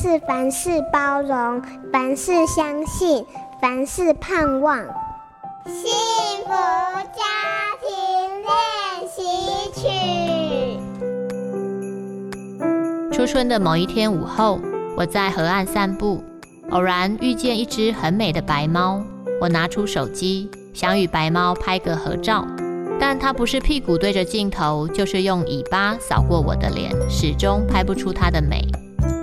是凡事包容，凡事相信，凡事盼望。幸福家庭練習曲。初春的某一天午後，我在河岸散步，偶然遇見一隻很美的白貓。我拿出手機，想與白貓拍個合照，但它不是屁股對着鏡頭，就是用尾巴掃過我的臉，始終拍不出它的美。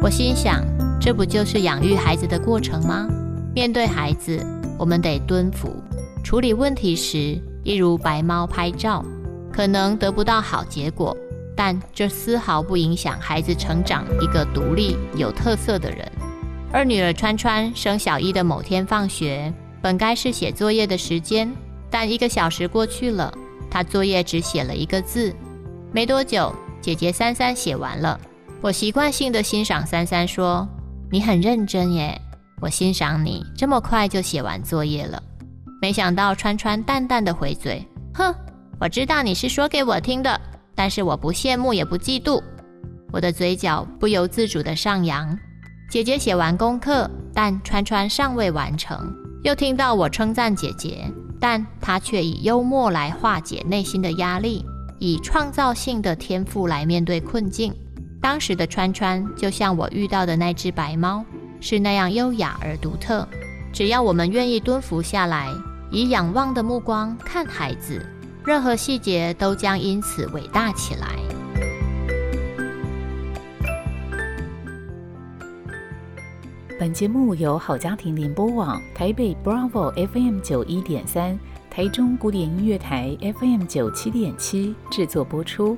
我心想，這不就是養育孩子的過程嗎？面對孩子，我們得蹲伏；處理問題時，一如白貓拍照，可能得不到好結果，但這絲毫不影響孩子成長一個獨立、有特色的人。二女兒川川升小一的某天放學，本該是寫作業的時間，但一個小時過去了，她作業只寫了一個字。沒多久，姐姐珊珊寫完了。我習慣性地欣賞三三，說：“你很認真耶，我欣賞你這麼快就寫完作業了。”沒想到川川淡淡地回嘴：“哼，我知道你是說給我聽的，但是我不羨慕也不嫉妒。”我的嘴角不由自主地上揚。姐姐寫完功課，但川川尚未完成，又聽到我稱讚姐姐，但她卻以幽默來化解內心的壓力，以創造性的天賦來面對困境。當時的川川就像我遇到的那隻白貓，是那樣優雅而獨特。只要我們願意蹲伏下來，以仰望的目光看孩子，任何細節都將因此偉大起來。本節目由好家庭聯播網、台北 Bravo FM 九一點三、台中古典音樂台 FM 九七點七制作播出。